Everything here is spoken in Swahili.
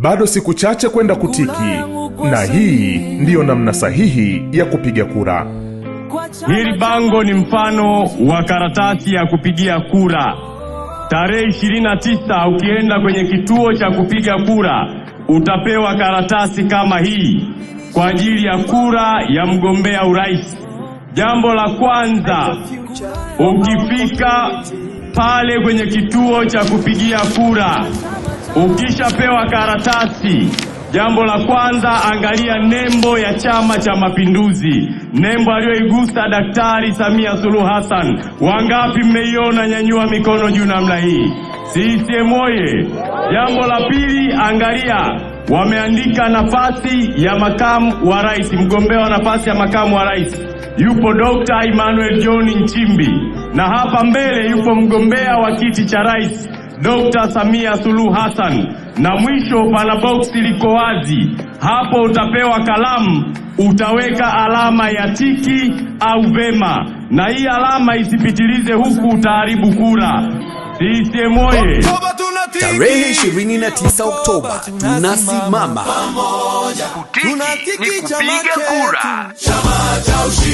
Bado siku chache kwenda kutiki, na hii ndiyo namna sahihi ya kupiga kura. Hili bango ni mfano wa karatasi ya kupigia kura. Tarehe 29 ukienda kwenye kituo cha kupiga kura utapewa karatasi kama hii kwa ajili ya kura ya mgombea urais. Jambo la kwanza, ukifika pale kwenye kituo cha kupigia kura Ukishapewa karatasi, jambo la kwanza angalia nembo ya Chama cha Mapinduzi, nembo aliyoigusa Daktari Samia Suluhu Hassan. Wangapi mmeiona? Nyanyua mikono juu namna hii. CCM oye! Jambo la pili, angalia wameandika nafasi ya makamu wa rais, mgombea wa nafasi ya makamu wa rais yupo Dr. Emmanuel John Nchimbi, na hapa mbele yupo mgombea wa kiti cha rais Dr. Samia Suluhu Hassan. Na mwisho, pana boksi liko wazi hapo, utapewa kalamu, utaweka alama ya tiki au vema, na hii alama isipitilize huku, utaharibu kura. CCM oye! Tarehe 29 Oktoba tunasimama pamoja, kutiki ni kupiga kura. Chama cha Ushindi.